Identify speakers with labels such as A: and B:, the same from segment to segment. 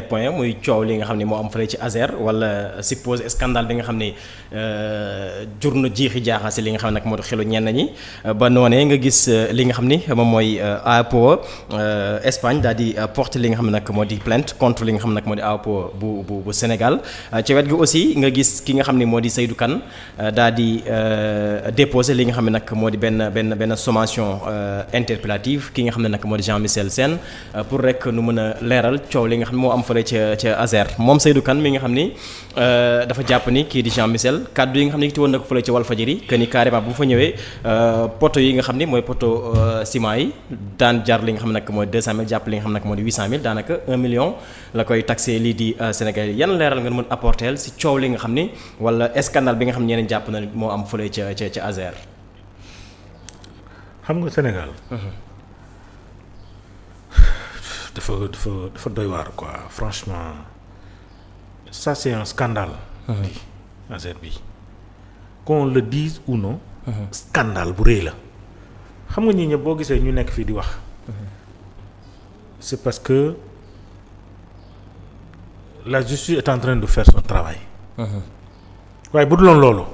A: point muy coow li nga xam ne moo am fële ci Azer wala suppose scandale bi nga xam ne jur na jiixi jaaxa si li nga xam ne nag moo di xelu ñenn ñi ba noonee nga gis li nga xam ni moom mooy APO Espagne daal di porte li nga xam ne nag moo di plainte contre li nga xam nag moo di APO bu bu bu Sénégal ci wet gi aussi nga gis ki nga xam ne moo di Seydou Kane daal di déposé li nga xam ne nag moo di benn benn benn sommation interpellative ki nga xam ne nag moo di Jean Michel Sène pour rek nu mën leeral coow li nga xam ne moo am am fële ca ca Azer moom Seydou Kane mi nga xam ni euh, dafa jàpp ni kii di Jean Michel kaddu yi nga xam ne yëkkati woon na ko fële ca Walfadjri que ni carrément bu fa ñëwee euh, poto yi nga xam ni mooy poto euh, ciment yi daan jar li nga xam nag mooy 200000 jàpp li nga xam nag mooy 800000 daanaka 1 million la koy taxé lii di Sénégal yan leeral nga mën apporteel si coow li nga xam ni wala scandale bi nga xam ne ñeneen jàpp na moo am fële ca ca ca Azer.
B: dafa dafa dafa doy waar quoi franchement ça c'est un scandale. di uh-huh. affaire bi qu'on le dise ou non. Uh-huh. scandale bu rëy la. xam nga ñii ñëpp boo gisee ñu nekk fii di wax.
C: Uh-huh.
B: c'est parce que la justice est en de faire son travail. waaye bu duloon loolu.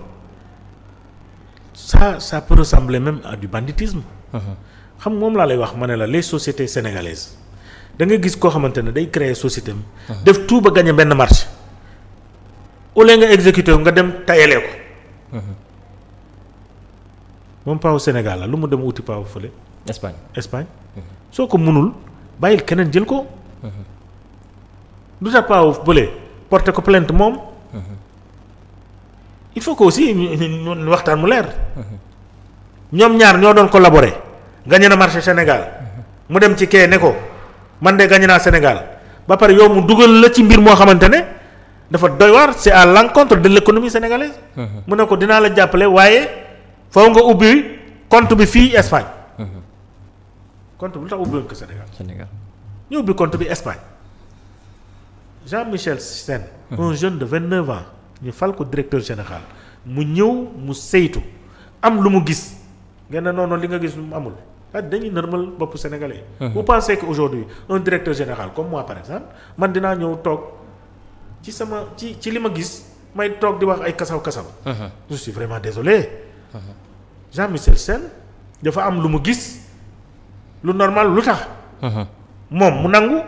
B: ça ça peut ressembler même à du banditisme. xam moom laa lay wax ma ne la les sociétés sénégalaises. da nga gis koo xamante ne day créer société ah. def tout ba gagné benn marché au nga exécuté nga dem tayalee ko ah. moom paawu Sénégal la lu mu dem wuti paawu fële Espagne Espagne ah. soo ko mënul bàyyil keneen jël ko lu tax paawu bële porté ko plainte moom il faut que aussi ñu waxtaan mu leer ñoom ñaar ñoo doon collaborer gagné na marché Sénégal mu dem ci kee ne ko man de gagné naa Sénégal ba pare yow mu dugal la ci mbir moo xamante ne dafa doy waar c'est à contre de l'économie sénégalaise. Mhm. mu ne ko dinaa la jàppale waaye foo nga ubbi compte bi fii Espagne. Mhm. compte bi lu tax ubbiwoon ko Sénégal. Sénégal ubbi compte bi Espagne Jean-Michel Sène. Mhm. un jeune de vingt neuf ans ñu fal ko directeur général mu ñëw mu saytu am lu mu gis ngeen ne noonu li nga gis amul. ah dañuy normal bopp sénégalais. vous pensez que aujourd'hui un directeur général comme moi par exemple man dinaa ñëw toog ci sama ci ci li ma gis may toog di wax ay kasaw kasaw. je suis vraiment désolé. Jean Michel Sène dafa am lu mu gis lu normal lu tax. moom mu nangu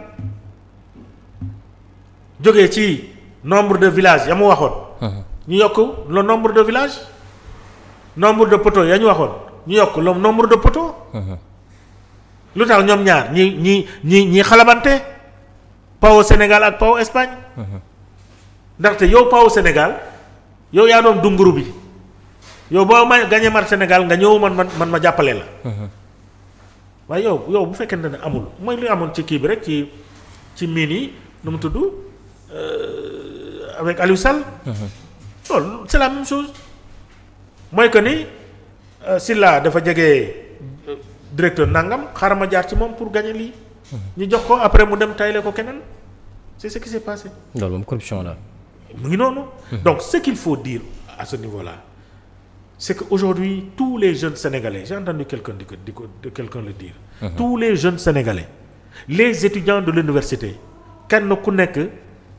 B: jógee ci nombre de villages ya mu waxoon. ñu yokk le nombre de village nombre de poteaux ya ñu waxoon. ñu yokk le nombre de poteaux. Uh-huh. lu tax ñoom ñaar ñi ñi ñi ñi xalabante paw Sénégal ak paw Espagne. Uh-huh. ndaxte yow paw Sénégal yow yaa doon dunguru bi yow boo ma gagné Sénégal nga ñëw man man ma jàppale la. Uh-huh. waaye yow yow bu fekkente ne amul mooy li amoon ci kii bi rek ci ci miin yi nu mu tudd euh, avec Aliou Sall. loolu c'est la même mooy que ni. Euh, Silla dafa jege directeur nangam xaaral ma jaar ci moom pour gagner lii. ñu jox ko après mu dem tayle ko keneen c'est ce qui s'est passé.
A: loolu moom corruption la.
B: mu ngi noonu. Hmm. donc ce qu'il faut dire à ce niveau-là c'est que aujourd'hui tous les jeunes sénégalais j'ai entendu quelqu'un di ko di ko quelqu'un le dire. Hmm. tous les jeunes sénégalais les étudiants de l'université kenn ku nekk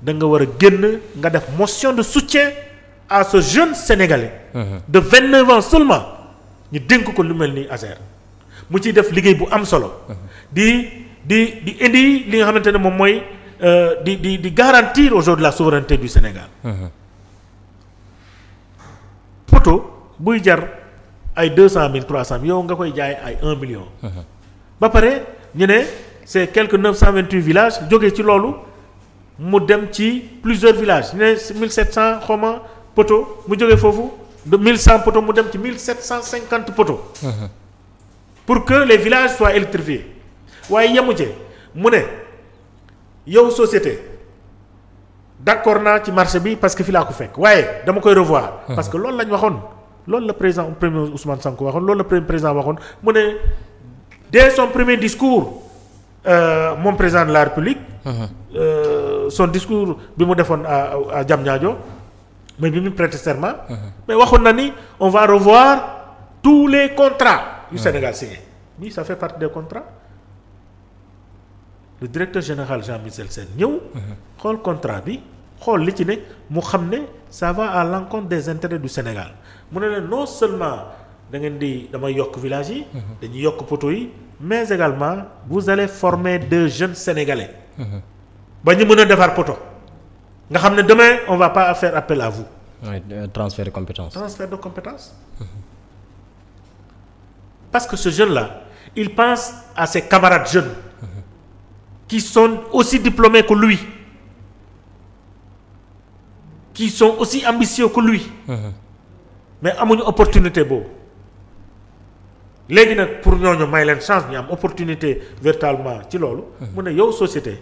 B: da nga war a génn nga def motion de soutien à ce jeune sénégalais. Hmm. de 29 ans seulement. ñu dénk ko lu mel ni ASER mu ciy def liggéey bu am solo di di di indi li nga xamante ne moom mooy euh, di di di garantir aujourd'hui la souveraineté du Sénégal poto buy jar ay deux cent mille trois cent mille yow nga koy jaay ay un million ba pare ñu ne c'est quelque neuf cent vingt huit villages jógee ci loolu mu dem ci plusieurs villages ñu ne mille sept cent xoma poto mu jógee foofu de 1100 poteaux mu dem ci 1750 poteaux. Uh-huh. pour que les villages soient électrifiés waaye yemu ci mu ne yow société d'accord naa ci marché bi parce que fi laa ko fekk waaye dama koy revoir. Uh-huh. parce que loolu la waxoon loolu la président premier Ousmane Sonko waxoon loolu la premier président waxoon mu ne de son premier discours euh, moom président de la République. Uh-huh. Euh, son discours bi mu defoon à à mais bi mu prêter serment. Uh-huh. mais waxoon na ni on va revoir tous les contrats. yu uh-huh. Sénégal signé oui ça fait partie des contrats. le directeur général Jean-Michel Sène ñëw. Uh-huh. xool contrat bi xool li ci ne mu xam ne sa va à l'encontre des intérêts du Sénégal mu ne leen non seulement da ngeen di damay yokk village yi. dañuy yokk poteaux yi mais également vous allez former deux jeunes sénégalais. ba ñu mën a defar poteau. nga xam ne demain on va pas faire appel à vous. oui euh, transfert de compétence. transfert de compétence. parce que ce jeune là il pense à ses camarades jeunes. qui sont aussi diplômés que luy qui sont aussi ambitieux que lui. mais amuñu opportunité boobu. léegi nag pour ñooñu may leen chance ñu am opportunité véritablement ci loolu. mu ne yow société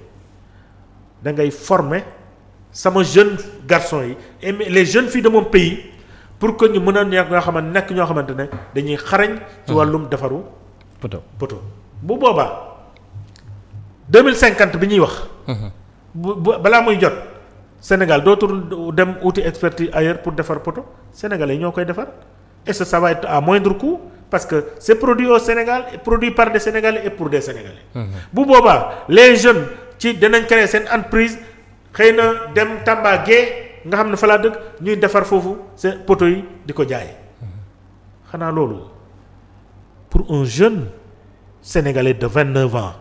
B: da ngay former. sama jeune garçon yi et les jeunes filles de mon pour que ñu mën a nekk ñoo xamante nekk ñoo xamante ne dañuy xarañ. ci wàllum defaru poto poto. bu boobaa deux mille cinquante bi ñuy wax. bu balaa muy jot Sénégal dootul dem uti expertise ailleurs pour defar poto yi ñoo koy defar et ça ça à moindre coût parce que c'est produit au Sénégal produit par des Sénégalais et pour des Sénégalais. bu boobaa les jeunes ci danañ créer seen entreprise. xëy na dem Tamba Gué nga xam ne falaa laa dëkk ñuy defar foofu seen poto yi di ko jaay xanaa loolu pour un jeune sénégalais de vingt neuf ans.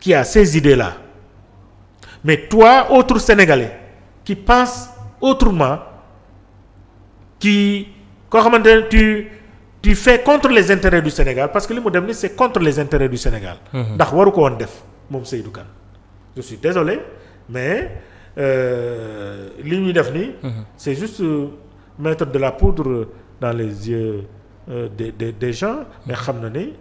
B: qui a ces idées là mais toi autre sénégalais qui pense autrement qui koo xamante ne tu tu fais contre les intérêts du Sénégal parce que li mu dem ni c'est contre les intérêts du Sénégal. ndax waru ko woon def moom Seydou Kane je suis désolé. mais euh, li ñuy def nii. Mhm. c'est juste euh, mettre de la poudre dans les yeux euh, des de des gens. mais mhm. xam na ni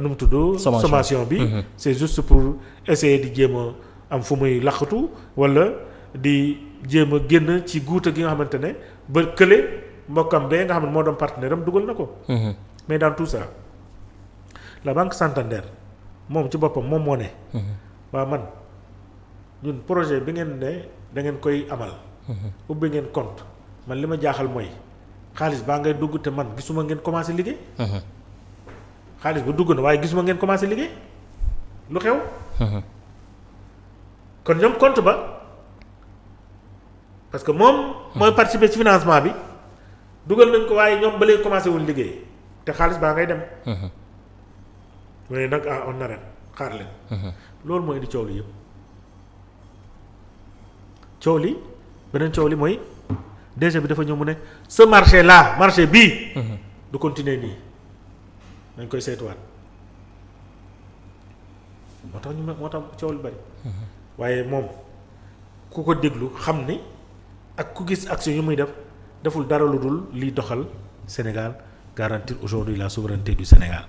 B: nu mu tudd. sommation bi mhm. c'est juste pour essayer di jéem am fu muy laqatu wala di jéem a génn ci guuta gi nga xamante ne ba kële mbokkam bee nga xam moo doon partenaire dugal na ko. mais dans tout ça la banque Santander moom ci boppam moom moo waa man ñun projet bi ngeen ne da ngeen koy amal. Mhm. ubbi ngeen compte man li ma jaaxal mooy xaalis baa ngay dugg te man gisuma ngeen commencé liggéey. Mhm. xaalis bu dugg na waaye gisuma ngeen commencé liggéey lu xew. Mhm. kon ñoom compte ba parce que moom. mooy participer ci financement bi dugal nañ ko waaye ñoom ba léegi commencé wul liggéey te xaalis baa ngay dem. mu nag ah on arrête. xaar mhm. loolu mooy indi coow li yëpp coow li beneen coow li mooy DG bi dafa ñëw mu ne ce marché là marché bii. Mhm. du continuer nii dañ koy saytuwaat moo tax ñu moo tax coow lu bari. Mhm. waaye moom ku ko déglu xam ni ak ku gis action yu muy def deful dara lu dul liy doxal Sénégal garantir aujourd'hui la souveraineté du Sénégal.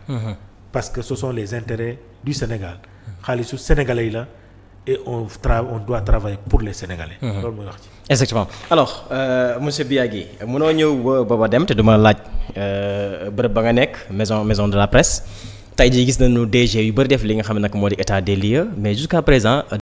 B: parce que ce sont les intérêts du Sénégal xaalisu sénégalais yi la et on tra on doit travailler pour les sénégalais. Mhm. loolu mooy wax ci.
A: exactement alors euh, monsieur Biagui mënoo ñëw ba dem te duma laaj euh, bërëb ba nga nekk maison maison de
C: la presse tey jii gis nañu DG yu bëri def li nga xam ne nag moo di état des mais jusqu'à présent.